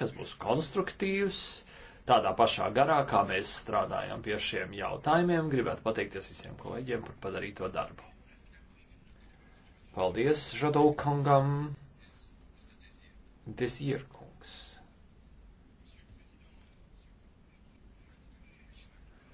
kas būs konstruktīvs, tādā pašā garā, kā mēs strādājam pie šiem jautājumiem. Gribētu pateikties visiem kolēģiem par padarīto darbu. Paldies Žadokungam! Desierkungs.